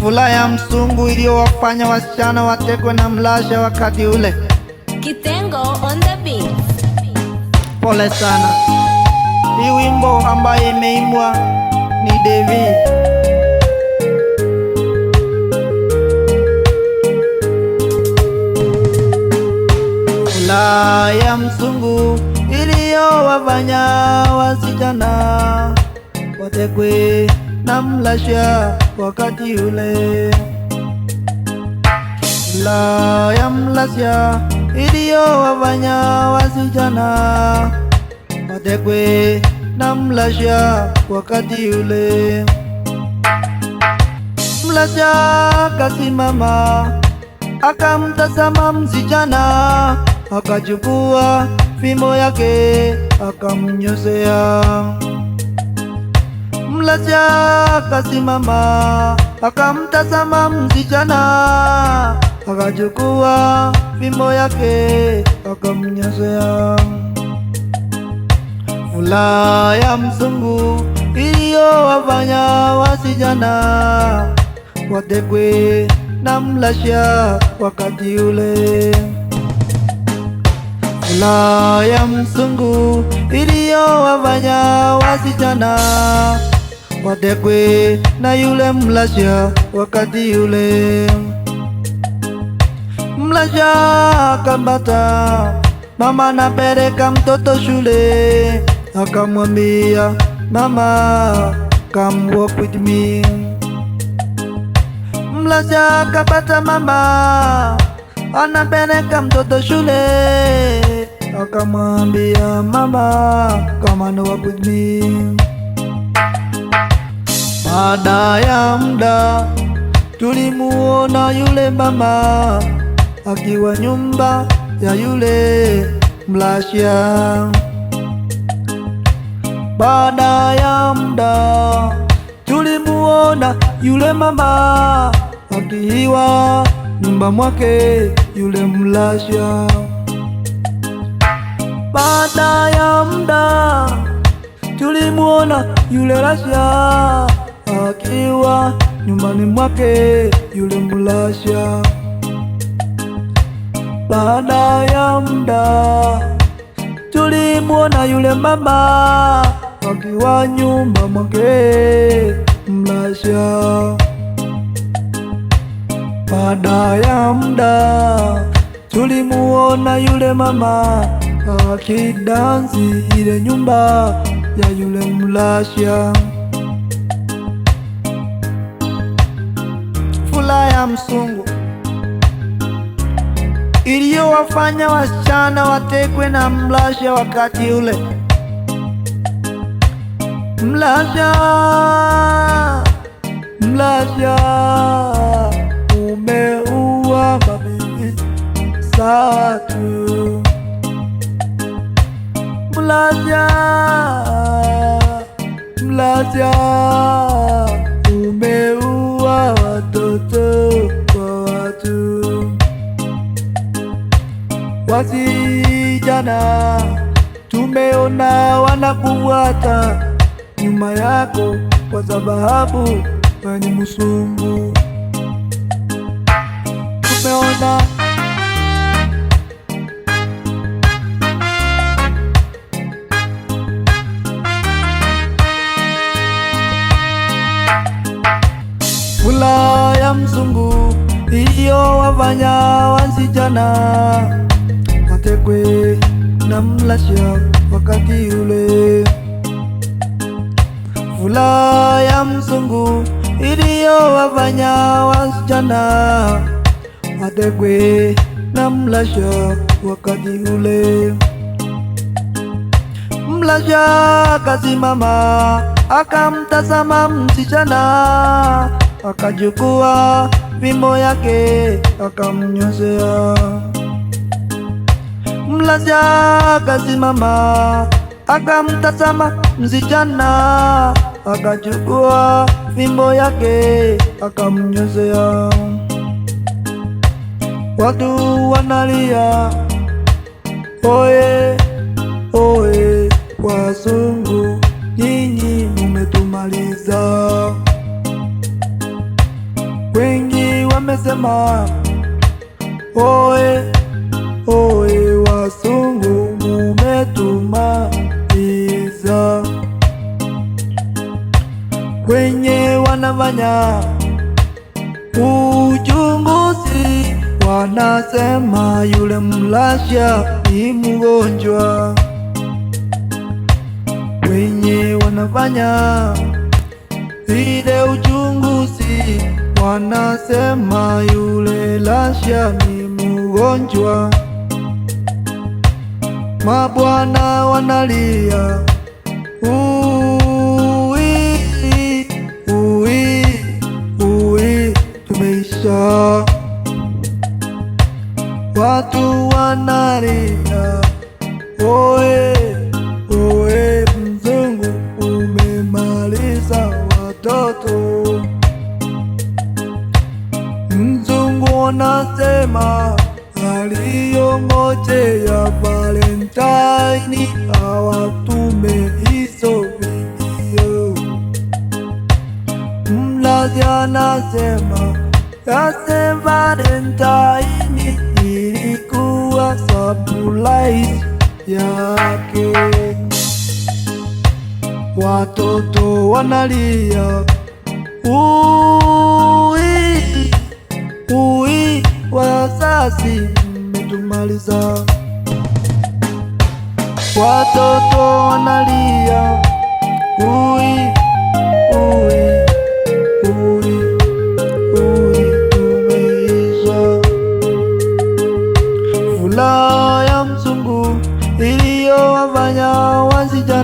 Fula ya msungu iliyowafanya wasichana watekwe na mlasha wakati ule. Kitengo on the beat. Pole sana. Hii wimbo ambaye imeimbwa ni Devi. Fula ya msungu iliyowafanya wasichana watekwe na mlasha wakati ule, Ulaya mlasha iliyowafanya wasichana watekwe na mlasha wakati ule. Mlasha kasimama akamtazama msichana, akachukua fimbo yake akamnyosea. Mlacha akasimama akamtazama msichana, akachukua fimbo yake akamnyozea. Furaha ya mzungu wafanya wasichana watekwe na Mlasha wakati ule. Furaha ya mzungu wafanya wasichana Wadekwe na yule Mlasha wakati yule Mlasha akambata mama, napeleka mtoto shule, akamwambia mama, come walk with me. Mlasha akapata mama, anapeleka mtoto shule, akamwambia mama, come and walk with me baada ya muda tulimuona yule mama akiwa nyumba ya yule mlasha. Baada ya muda tulimuona yule mama akiwa nyumba mwake yule mlasha. Baada ya muda tulimuona yule rasha akiwa nyumbani mwake yule mlasha. Baada ya muda tulimwona yule mama akiwa nyumba mwake mlasha. Baada ya muda tulimuona yule mama akidansi ile nyumba ya yule mlasha. na msungu iliyowafanya wasichana watekwe na mlasha wakati ule. Mlasha, mlasha umeua mabinti satu, mlasha, Mlasha, mlasha wasijana, tumeona wanakufuata nyuma yako, kwa sababu wewe ni msumbu. Tumeona ya mzungu hiyo wafanya wasijana kwe mlasha wakati ule, furaha ya mzungu iliyowafanya wasichana watekwe mlasha wakati ule. Mlasha akasimama akamtazama msichana, akachukua fimbo yake akamnyozea. Mlaja akasimama akamtazama msichana, akachukua fimbo yake akamnyozea. Watu wanalia oye oye, wazungu nyinyi mumetumaliza. Wengi wamesema oye oye Masungu umetumaliza, wenye wanafanya uchunguzi wanasema yule mlasha ni mgonjwa, wenye wanafanya ile uchunguzi wanasema yule lasha ni mgonjwa mabwana wanalia uwi, uwi, uwi, tumeisha. Watu wanalia oe Yose Valentine ilikuwa surprise yake. Watoto wanalia ui ui, wazazi mmetumaliza. Watoto wanalia ui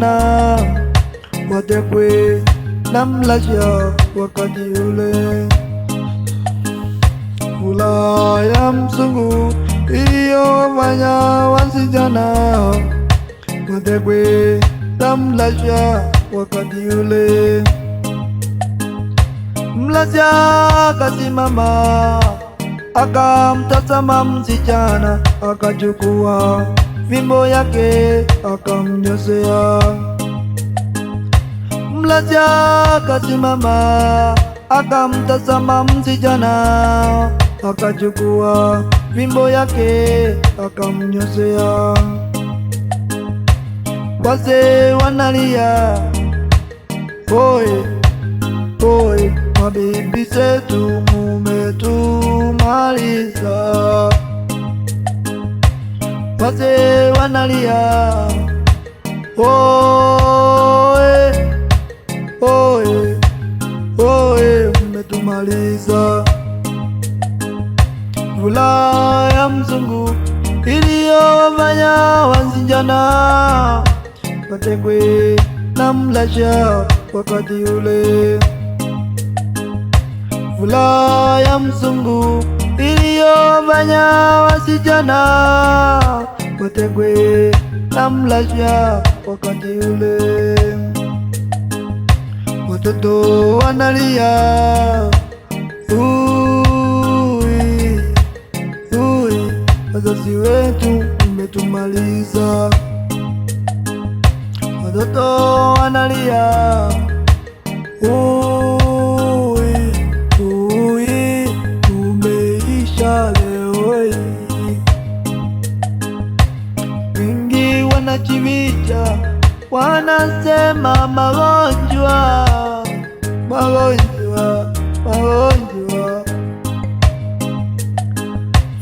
sana watekwe na Mlasia wakati ule. Kula ya msungu iliyowafanya wasijana watekwe na Mlasia wakati ule. Mlasia akasimama akamtazama msichana akachukua Mimbo yake akamnyozea mlaja, akasimama akamtazama msijana, akachukua mimbo yake akamnyozea. Wazee wanalia oye oye, mabibi zetu mumetumaliza wazee wanalia, oe oe oe, mmetumaliza vula ya mzungu iliyofanya wanzinjana watekwe na mlasha wakati ule vula ya mzungu waliofanya wasichana watengwe na mlasha wakati ule, watoto wanalia ui, ui, wazazi wetu umetumaliza watoto wanalia ui. mema magonjwa magonjwa magonjwa,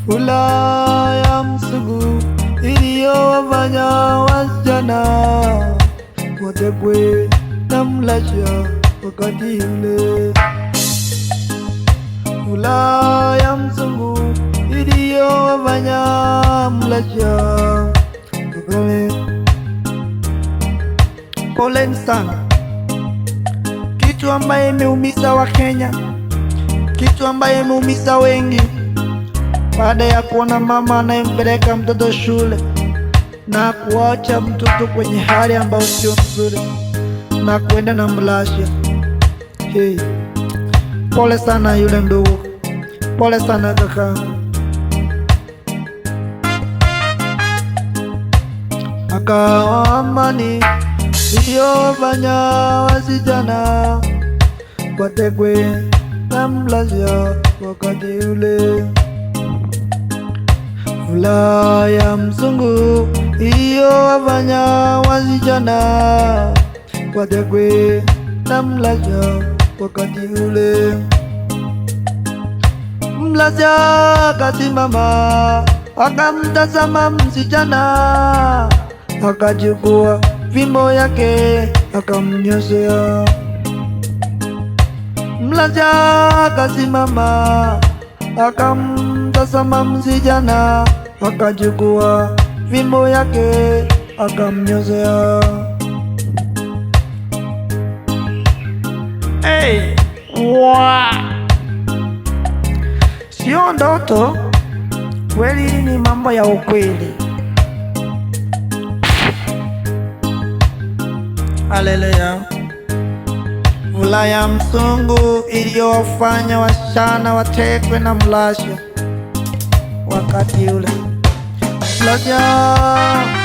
furaha ya msugu iliyowafanya wasichana watekwe na mlasha wakati ule, furaha ya msugu iliyowafanya mlasha poleni sana, kitu ambaye imeumiza kenya kitu ambaye imeumiza wengi, baada ya kuona mama anayempeleka mtoto shule na kuacha mtoto kwenye hali ambayo sio mzuri na kwenda na mlasha. Hey, pole sana yule ndugu, pole sana kaka. Akawa amani iliyofanya wasichana wategwe na mlaza wakati ule. Vula ya mzungu iliyowafanya wasichana wategwe na mlaza wakati ule. Mlaza akasimama akamtazama msichana akajikuwa fimbo yake akamnyozea. Mlaja akasimama akamtazama msijana, akachukua fimbo yake akamnyozea. Hey, Sio ndoto kweli, ni mambo ya ukweli. Haleluya. Mula ya msungu iliyowafanya washana watekwe na mlashi wakati ule mlasho